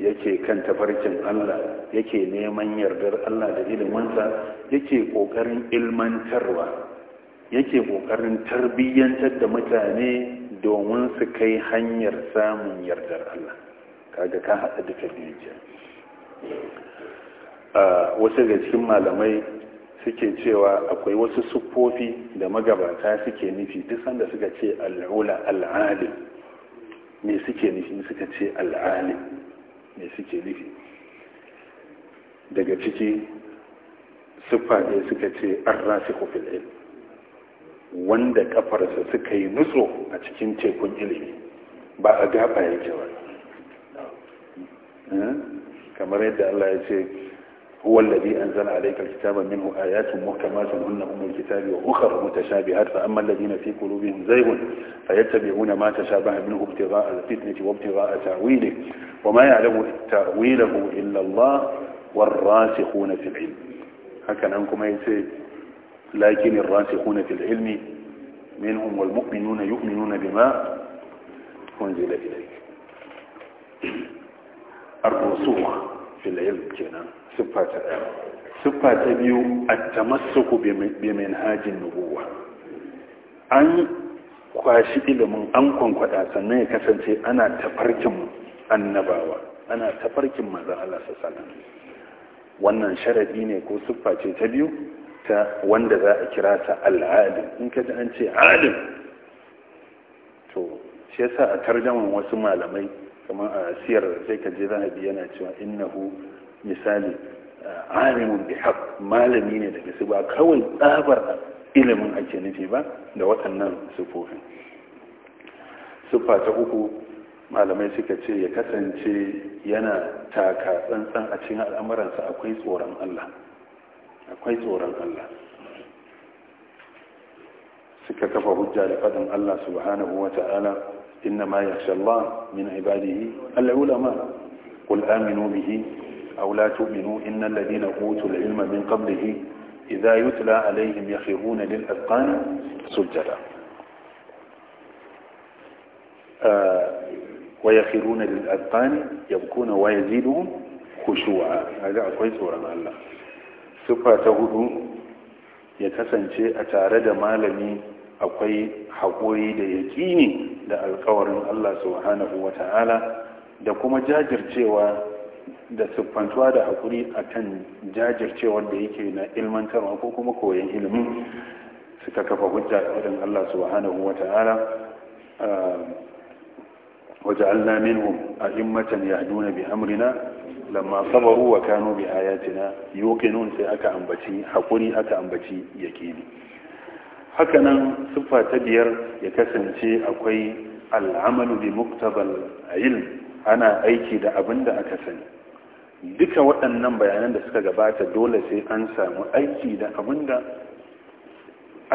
A: yake kan tafarkin Allah yake neman yardar Allah da iliminsa yake ƙoƙarin ilmantarwa yake ƙoƙarin tarbiyyantar da mutane domin su kai hanyar samun yardar Allah kaga ka haɗa duka biyu ce wasu da cikin malamai suke cewa akwai wasu sufofi da magabata suke nufi duk sanda suka ce al'ula al'alim me suke nufi suka ce al'alim me suke nufi daga ciki sufa ne suka ce an rasu ilm wanda kafarsa suka yi nutso a cikin tekun ilimi ba a gaba ya ba hmm? kamar yadda Allah ya ce huwa alladhi anzala alayka alkitaba minhu ayatun muhkamatun hunna ummul kitabi wa ukhra mutashabihat fa amma alladhina fi qulubihim zayghun fayattabi'una ma tashabaha minhu ibtigha'a alfitnati wa ibtigha'a ta'wilihi wa ma ya'lamu ta'wilahu illa Allah والراسخون في العلم هكذا أنكم يسير لكن الراسخون في العلم منهم والمؤمنون يؤمنون بما أنزل إليك الرسوخ في العلم كنا صفة صفة بيو التمسك بمنهاج النبوة أن kwashi ilimin an kwankwada sannan ya kasance ana tafarkin annabawa ana tafarkin maza Allah sassanin wannan sharadi ne ko siffa ce ta biyu ta wanda za a kira ta al'alim in ka ji an ce alim to shi yasa a tarjaman wasu malamai kamar a siyar sai ka je biya yana cewa innahu misali ah, alimun bi haq malami ne daga su ba kawai tsabar ilimin ake nufi ba da waɗannan sufofin sufa ta uku malamai suka ce ya kasance yana taka tsantsan a cikin al'amuransa akwai tsoron Allah akwai tsoron Allah suka kafa hujja da fadin Allah subhanahu wa ta'ala inna ma yakhsha Allah min ibadihi al-ulama qul aminu bihi aw la tu'minu inna alladhina utul ilma min qablihi idha yutla alayhim yakhiruna lil azqani sujada wa yakhiruna lil ويخرون yabkuna wa ويزيدهم khushu'a hada akwai tsoron Allah siffa ta hudu ya kasance a tare da malami akwai haƙoyi da yaƙini da alƙawarin Allah subhanahu wa ta'ala da kuma jajircewa da siffantuwa da haƙuri a kan jajircewar da yake na ilmantarwa ko kuma koyon ilimin suka kafa hujja a irin Allah subhanahu wa ta'ala a himmatan yaduna bi amrina lamma sabaru wa kanu bi ayatina yuqinun sai aka ambaci hakuri aka ambaci yaqini haka nan siffa ta biyar ya kasance akwai al'amalu bi muktabal ilm ana aiki da abin da aka sani duka waɗannan bayanan da suka gabata dole sai an samu aiki da abin da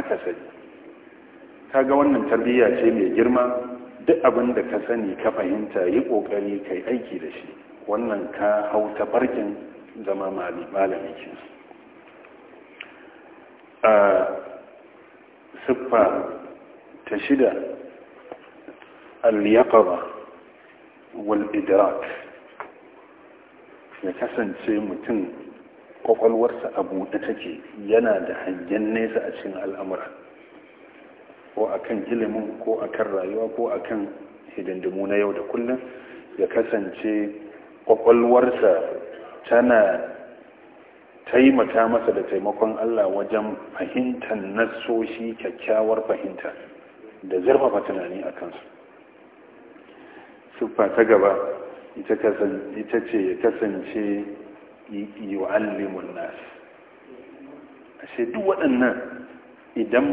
A: aka sani kaga wannan tarbiyya ce mai girma duk abin da ka sani ka fahimta yi ƙoƙari kai aiki da shi wannan ka hau ta farkin zama malami a siffa ta shida al-yaqaba wal idrak ya kasance mutum kwakwalwarsa a buɗe take yana da hangen nesa a cikin al'amura ko akan ilimin ko akan rayuwa ko akan hidindimu na yau da kullum ya kasance kwakwalwarsa tana taimaka masa da taimakon Allah wajen fahimtar nasoshi kyakkyawar fahimta da zurfafa tunani a kansu Sufa ta gaba ita ce ya kasance yu'allimun nas ashe duk waɗannan idan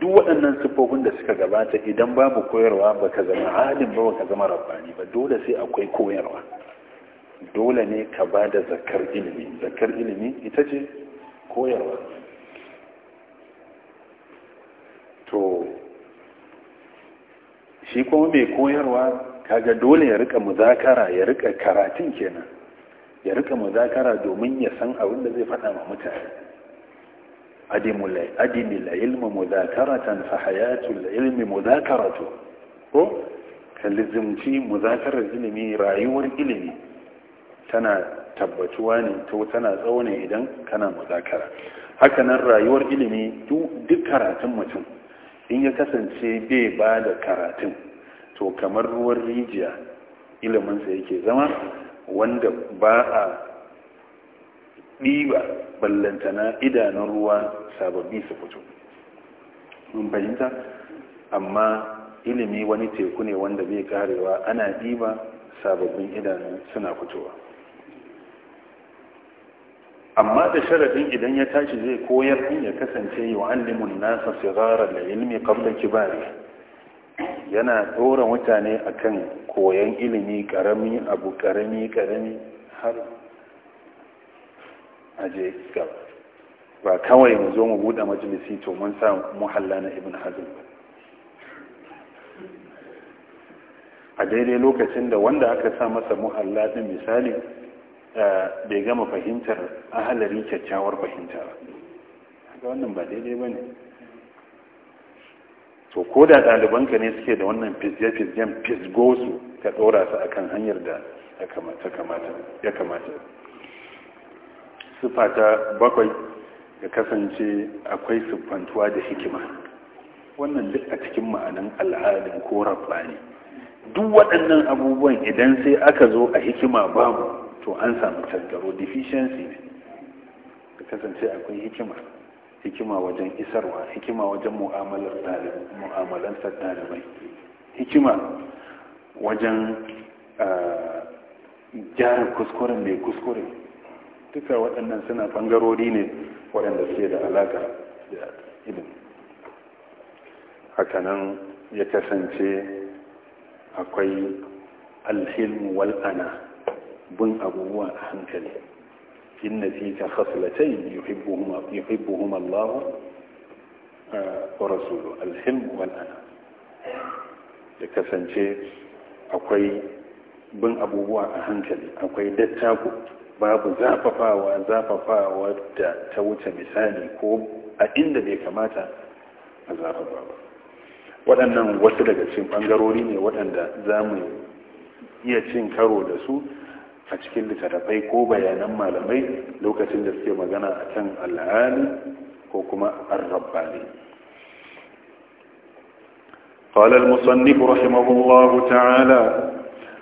A: duk waɗannan siffofin da suka gabata idan babu koyarwa ba ka zama alim ba ka zama rabbani ba dole sai akwai koyarwa dole ne ka ba da zakar ilimi zakar ilimi ita ce koyarwa to shi kuma mai koyarwa kaga dole ya rika muzakara ya rika karatun kenan ya rika muzakara domin ya san abin da zai faɗa ma mutane adimul ilmi muzakaratan fa hayatul ilmi muzakaratu ko kalizimci muzakarar ilimi rayuwar ilimi tana tabbatuwa ne to tana tsawo idan kana muzakara hakanan rayuwar ilimi duk karatun mutum in ya kasance bai ba da karatun to kamar ruwan rijiya iliminsa yake zama wanda ba a ɗiba ballantana idanun ruwa sababbi su fito mun fahimta amma ilimi wani teku ne wanda bai karewa ana ɗiba sababbin idanu suna fitowa amma da sharadin idan ya tashi zai koyar in ya kasance yu'allimun nasa sigara da ilimin qabla kibari yana ɗora mutane a kan koyan ilimi karami abu karami karami har aje gaba ba kawai mu zo mu buɗe majalisi to mun sa muhalla na ibn ba a daidai lokacin da wanda aka sa masa muhalla din misali Eh, bai gama fahimtar ahalari kyakkyawar fahimta ba wannan ba daidai ba ne to ko da ɗalibanka ne suke da wannan fizye-fizyen fisgosu ka ɗora su kan hanyar da ya kamata sufa ta bakwai da kasance akwai siffantuwa da hikima wannan duk a cikin ma'anin al'adun ko rabba ne duk waɗannan abubuwan idan sai aka zo a hikima babu to an samu tattaro deficiency ne ka kasance akwai hikima hikima wajen isarwa hikima wajen mu'amalantar ɗalibai hikima wajen eh, gyara kuskuren mai kuskure duka waɗannan suna ɓangarori ne waɗanda suke da alaƙa da ilimi hakanan ya kasance akwai alhilmu wal'ana bin abubuwa a hankali inna fika yi, yuhibbuhuma yuhibbuhuma Allah wa rasuluhu alhim wal ana ya kasance akwai bin abubuwa a hankali akwai dattako babu zafafawa zafafawa da ta wuce misali ko a inda bai kamata a zafafa ba waɗannan wasu daga cin ɓangarori ne waɗanda za mu iya cin karo da su a cikin littattafai ko bayanan malamai lokacin da suke magana a kan al'ali ko kuma arrabbani قال المصنف رحمه الله تعالى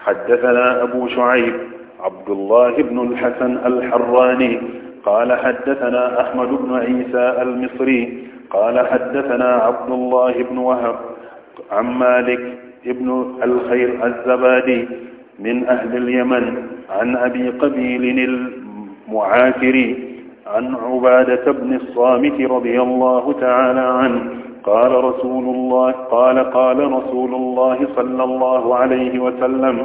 A: حدثنا أبو شعيب عبد الله بن الحسن الحراني قال حدثنا أحمد بن عيسى المصري قال حدثنا عبد الله بن وهب عن مالك ابن الخير الزبادي من أهل اليمن عن أبي قبيل المعافري عن عبادة بن الصامت رضي الله تعالى عنه قال رسول الله قال قال رسول الله صلى الله عليه وسلم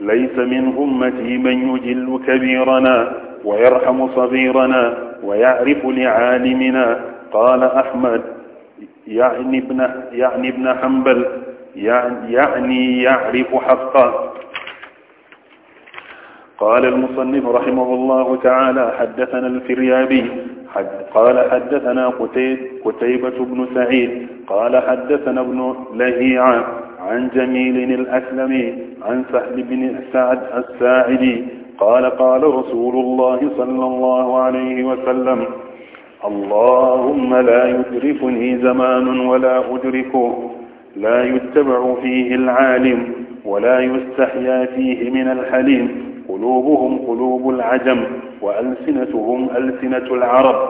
A: ليس من أمتي من يجل كبيرنا ويرحم صغيرنا ويعرف لعالمنا قال أحمد يعني ابن, يعني ابن حنبل يعني-, يعني يعرف حقه قال المصنف رحمه الله تعالى حدثنا الفريابي حد قال حدثنا قتيب قتيبة بن سعيد قال حدثنا ابن لهيعة عن جميل الأسلمي عن سهل بن سعد الساعدي قال قال رسول الله صلى الله عليه وسلم اللهم لا يدركني زمان ولا أدركه لا يتبع فيه العالم ولا يستحيا فيه من الحليم قلوبهم قلوب العجم وألسنتهم ألسنة العرب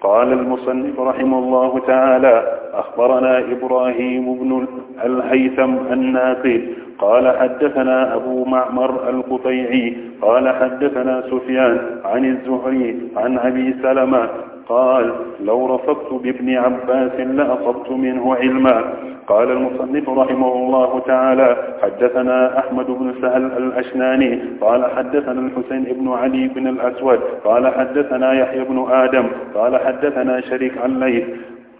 A: قال المصنف رحمه الله تعالى أخبرنا إبراهيم بن الهيثم الناقد قال حدثنا أبو معمر القطيعي قال حدثنا سفيان عن الزهري عن أبي سلمة قال لو رفضت بابن عباس لأصبت منه علما قال المصنف رحمه الله تعالى حدثنا أحمد بن سهل الأشناني قال حدثنا الحسين بن علي بن الأسود قال حدثنا يحيى بن آدم قال حدثنا شريك علي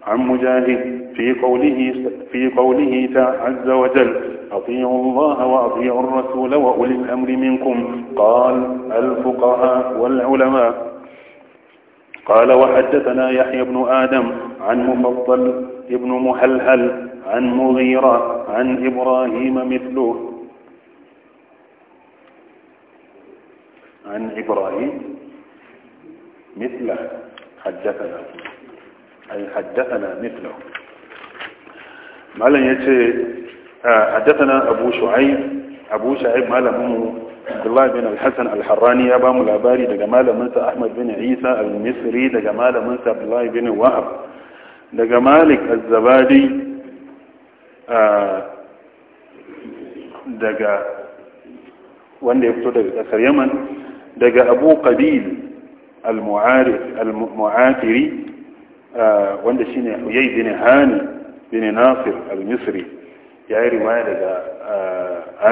A: عن مجاهد في قوله في قوله عز وجل أطيعوا الله وأطيعوا الرسول وأولي الأمر منكم قال الفقهاء والعلماء قال وحدثنا يحيى بن آدم عن مفضل ابن مهلهل عن مغيرة عن إبراهيم مثله عن إبراهيم مثله حدثنا أي حدثنا مثله ما لن يتي آه، حدثنا أبو شعيب أبو شعيب ما لهم عبد الله بن الحسن الحراني يا بام الاباري ده جمال منسى احمد بن عيسى المصري ده جمال منسى عبد الله بن وهب ده جمالك الزبادي دجا وان يفتو دجا اخر يمن دجا ابو قبيل المعارف المعاكري وان ده شين حيي بن هاني بن ناصر المصري يعني رواية دجا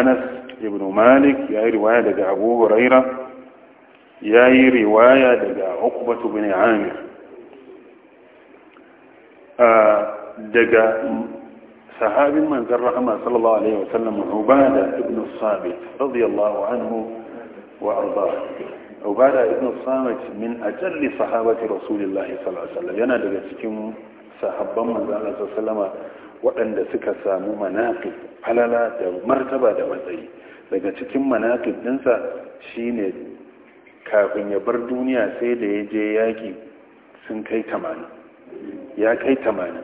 A: انس ibn malik ya yi riwaya daga abu huraira ya yi riwaya daga ukubatu bin amir daga sahabin manzan rahama sallallahu alaihi wasallam ubada ibn sabit radiyallahu anhu wa arda ubada ibn sabit min ajalli sahabati rasulillahi sallallahu alaihi wasallam yana daga cikin sahabban manzan Allah sallallahu alaihi wasallam waɗanda suka samu manaƙi falala da martaba da matsayi daga cikin manakib ɗinsa shine kafin ya bar duniya sai da ya je yaƙi sun kai tamanin ya kai tamanin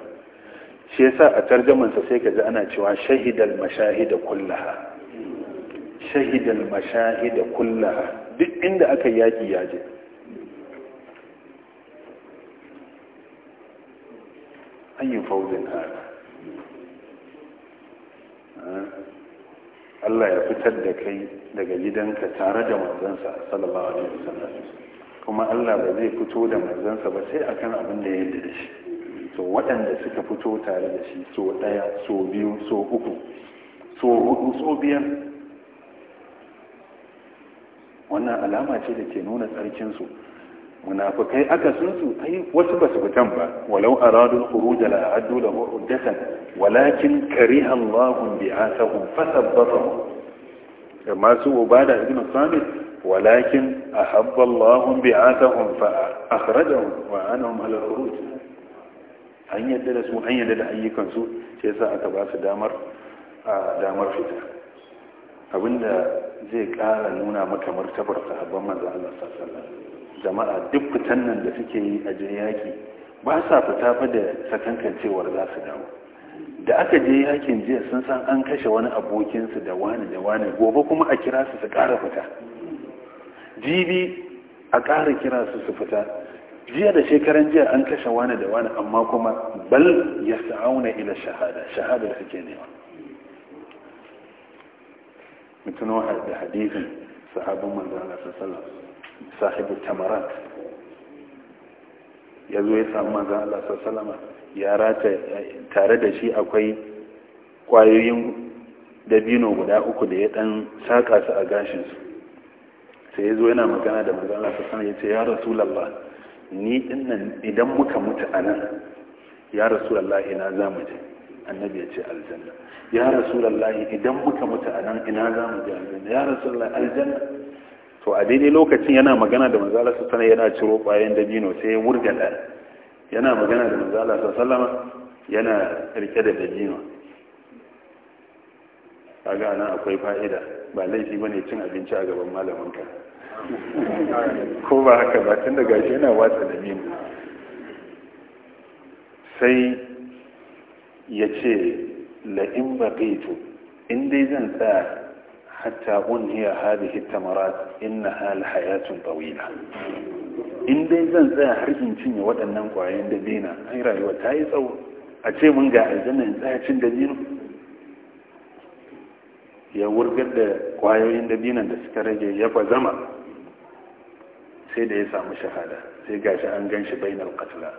A: shi ya sa a tarjamansa sai ka ji ana cewa shahidal mashahida kullaha shahidal mashahida kullaha duk inda aka yaƙi ya je ayin fauzin haka Allah ya fitar da kai daga gidanka tare da manzansa sallallahu alaihi wasallam kuma Allah ba zai fito da manzansa ba sai akan abin da ya yi da shi to waɗanda suka fito tare da shi so ɗaya so biyu so uku so hudu so biyar wannan alama ce da ke nuna tsarkinsu Munafukai aka sun ai wasu basu fitan ba walau aradu khuruj la addu la uddatan walakin kariha Allah bi'asahum fasabbatahum Amma su ubada ibn samit walakin ahabba Allah bi'asahum fa akhrajahum wa anhum ala khuruj an yadda da su an yadda da ayyukan su sai yasa aka ba su damar damar fita abinda zai kara nuna maka martabar sahabban manzo Allah sallallahu alaihi wasallam jama'a duk fitan nan da suke yi a jin yaki ba sa fita fa da cewar za su dawo da aka je yakin jiya sun san an kashe wani abokinsu da wani da wani gobe kuma a kira su su ƙara fita jibi a ƙara kira su su fita jiya da shekaran jiya an kashe wani da wani amma kuma bal ya sa'auna ila shahada shahada suke nema mutuno da hadisin sahabin manzon Allah sahibu tamarat ya zo ya samu manzan Allah sallama ya rata tare da shi akwai kwayoyin dabino guda uku da ya dan saka su a gashinsu sai ya zo yana magana da manzan Allah sallama ya ce ya rasulallah ni dinnan idan muka mutu a nan ya rasulallah ina za mu je annabi ya ce aljanna ya rasulallah idan muka mutu a nan ina za mu je aljanna ya rasulallah aljanna to a daidai lokacin yana magana da Manzala su sanar yana ciro ƙwayen dabino sai ya wurga da yana magana da Manzala su salama yana rike da dabino A gana akwai fa'ida ba laifi bane cin abinci a gaban malamanka. ko ba haka ba tun da gashi yana watsa dabino sai ya ce la'in to, in dai zan tsaya hatta unhiya in na hala lahayatun tawila in dai zan tsaya har in cinye waɗannan ƙwayen dabina ai rayuwa ta yi tsawo a ce mun ga aljanna in tsaya cin dabino ya wurgar da ƙwayoyin dabinan da suka rage ya zama sai da ya samu shahada sai gashi an gan shi bainar katila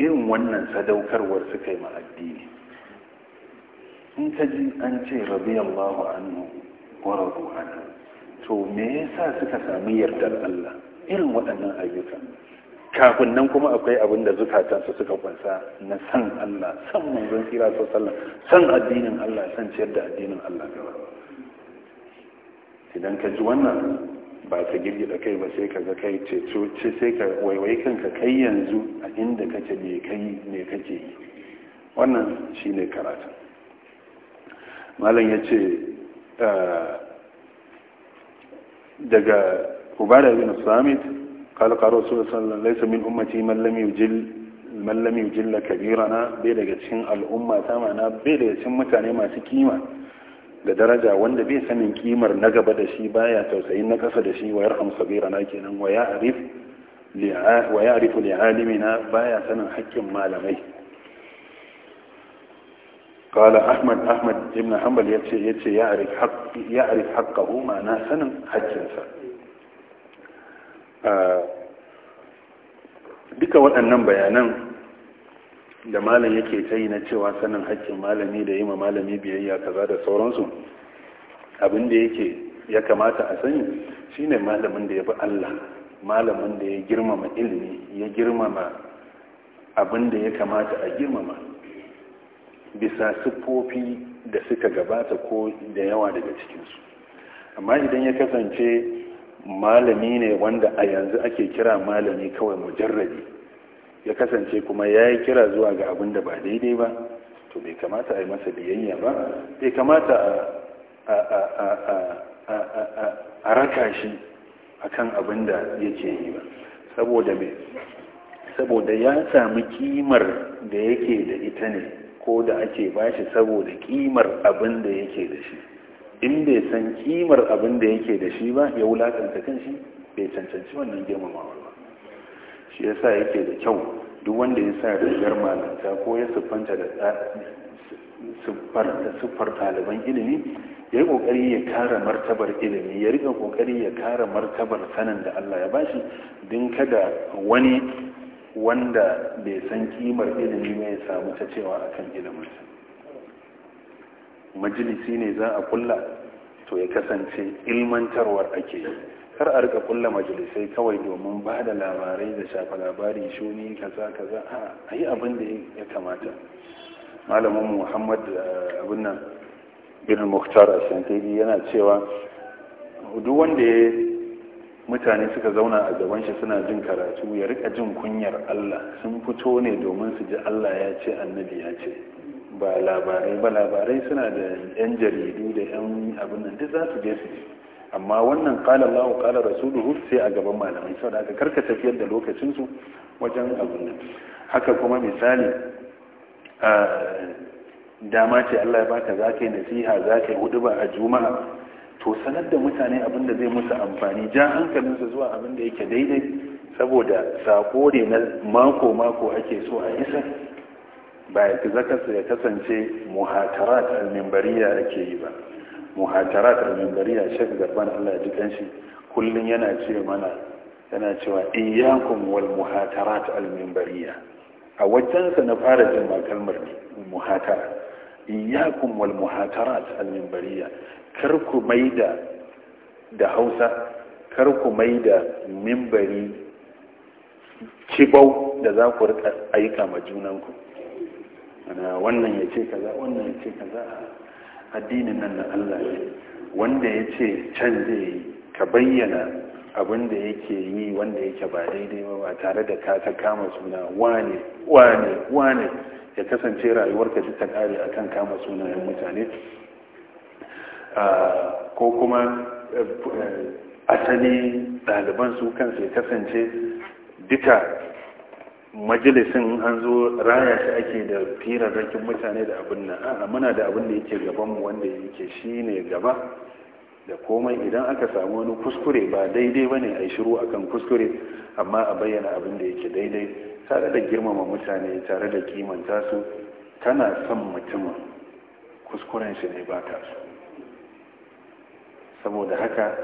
A: irin wannan sadaukarwar suka yi ma addini in ta ji an ce rabi Allah wa radu anhu to me yasa suka sami yardar Allah irin waɗannan ayyuka kafin nan kuma akwai abin da zukatansu suka kwansa na san Allah san manzon kira sa sallan san addinin Allah san ciyar da addinin Allah gaba idan ka ji wannan ba ta da kai ba sai ka ga kai ceto ce sai ka waiwai kanka kai yanzu a inda kake me kai me kake yi wannan shine karatun malam ya ce ah, daga ubada bin samit قال قال رسول صلى الله عليه وسلم من أمتي من لم يجل daga cikin al'umma ta mana bai daga cikin mutane masu kima da daraja wanda bai sanin kimar na gaba da shi baya tausayin na kasa da shi wa yarham sabirana kenan wa ya'rif li wa ya'rifu li baya sanin hakkin malamai قال Ahmad Ahmad ابن حنبل ya ce ya حق يعرف حقه معناه سنن duka waɗannan bayanan da malam yake ta yi na cewa sanin haƙƙin malami da yi ma malami biyayya kaza da sauransu abin da yake ya kamata a sani shine malamin da ya bi Allah malamin da ya girmama ilimi ya girmama abin da ya kamata a girmama bisa siffofi da suka gabata ko da yawa daga cikinsu amma idan ya kasance malami ne wanda a yanzu ake kira malami kawai mujarrabi ya kasance kuma ya yi kira zuwa ga abin da ba daidai ba to bai kamata a yi masa biyayya ba bai kamata a raka shi a kan abin da yake yi ba saboda saboda ya sami kimar da yake da ita ne ko da ake bashi saboda kimar abin da yake da shi in bai san kimar abin da yake da shi ba ya wulakanta kan shi bai cancanci wannan girmamawa ba shi ya sa yake da kyau duk wanda ya sa rigar malanta ko ya siffanta da siffar ɗaliban ilimi ya yi ƙoƙari ya kara martabar ilimi ya rika ƙoƙari ya kara martabar sanin da Allah ya bashi din kada wani wanda bai san kimar ilimi mai samu ta cewa akan iliminsa majalisi ne za a kulla to ya kasance ilmantarwar ake yi kar a rika kulla majalisai kawai domin ba da labarai da shafa labari shuni kaza kaza a yi abin da ya kamata malamin muhammad eh, abin nan bin muhtar a yana cewa duk wanda ya mutane suka zauna a gaban shi suna jin karatu ya rika jin kunyar Allah sun fito ne domin su ji Allah ya ce annabi ya ce ba labarai ba labarai suna da yan jaridu da yan abin nan duk za su je su ji amma wannan qala Allahu qala rasuluhu sai a gaban malamai saboda haka karka tafiyar da lokacin su wajen abin nan haka kuma misali ah, dama ce Allah ya baka zaka yi nasiha zakai hudu ba a juma'a to sanar da mutane abin da zai musu amfani ja hankalinsu zuwa abin da yake daidai saboda sako ne na mako-mako ake so a isa ba ya zakarsa ya kasance muhatarat al-mimbariya ake yi ba muhatarat al-mimbariya shek garban allah ji kanshi kullum yana ce mana yana cewa iyakun wal muhatarat al-mimbariya a wajensa na fara jin kalmar muhatara iyakun wal muhatarat al-mimbariya kar ku maida da hausa kar ku da mimbari cibau da za ku rika aika ma junanku wannan ya ce kaza wannan ya ce kaza addinin nan na Allah ne wanda ya ce can zai ka bayyana abin da yake yi wanda yake ba daidai ba tare da ka ta kama suna wane wane wane ya kasance rayuwarka ta kare akan kama sunayen mutane ko kuma eh, eh, asali ɗaliban su kansu ya kasance duka majalisin an zo raya shi ake da firarrakin mutane da abin nan a muna da abin da yake gabanmu wanda yake shi ne gaba da komai idan aka samu wani kuskure ba daidai ba ne a shiru akan kuskure amma a bayyana abin da yake daidai tare da girmama mutane tare da kimanta su tana son mutumin kuskuren shi ne ba ta su saboda haka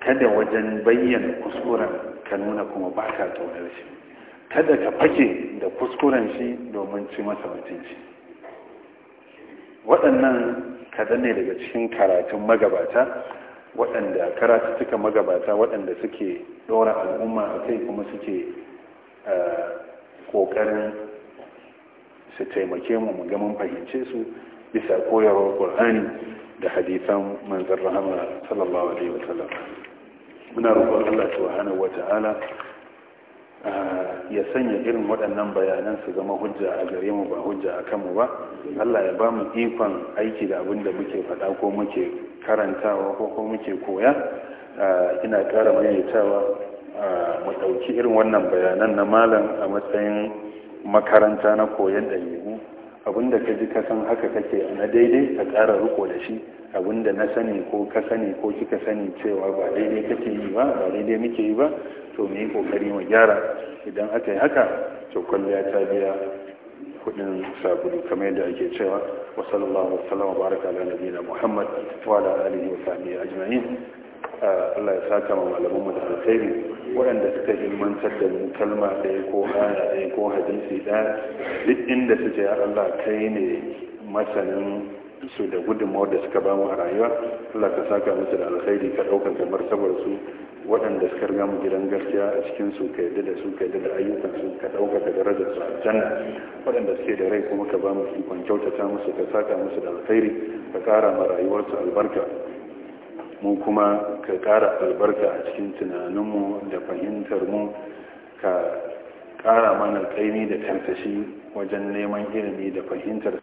A: kada wajen bayyana kuskuren ka nuna kuma ba ka taunar shi kada ka fake da kuskuren shi domin ci masa mutunci waɗannan kaɗan ne daga cikin karatun magabata waɗanda suka magabata waɗanda suke ɗora al'umma a kai kuma suke eh, ƙoƙarin su taimake mu mu gaman fahimce su bisa koyarwar ƙur'ani da hadisan manzan rahama sallallahu alaihi wa sallam muna roƙon Allah subhanahu ta'ala ya sanya irin waɗannan bayanan su zama hujja a gare mu ba hujja a kanmu ba Allah ya ba mu ikon aiki da abin da muke faɗa ko muke karantawa ko ko muke koya ina ƙara maimaitawa mu ɗauki irin wannan bayanan na malam a matsayin makaranta na koyon ɗabi'u da ka ji ka san haka kake na daidai ka ƙara riko da shi abinda na sani ko ka sani ko kika sani cewa ba daidai kake yi ba ba daidai muke yi ba to mu yi kokari mu gyara idan aka yi haka to kwalliya ta biya kudin sabulu kamar yadda ake cewa wa sallallahu wa baraka ala nabiyina muhammad wa ala alihi wa sahbihi ajma'in Allah ya saka mu malamanmu da alkhairi waɗanda suka ilmantar da mu kalma ɗaya ko aya ɗaya ko hadisi ɗaya duk inda suke ya Allah kai ne masanin su da gudunmawar da suka ba mu a rayuwa Allah ka saka musu da alkhairi ka ɗaukar kamar sabar su waɗanda suka riga mu gidan gaskiya a cikin su ka yadda da su ka yadda da ayyukan su ka ka darajar su janna waɗanda suke da rai kuma ka ba mu ikon kyautata musu ka saka musu da alkhairi ka ƙara ma rayuwarsu albarka mu kuma ka ƙara albarka a cikin tunaninmu da fahimtar mu ka ƙara mana kaimi da tantashi wajen neman ilimi da fahimtar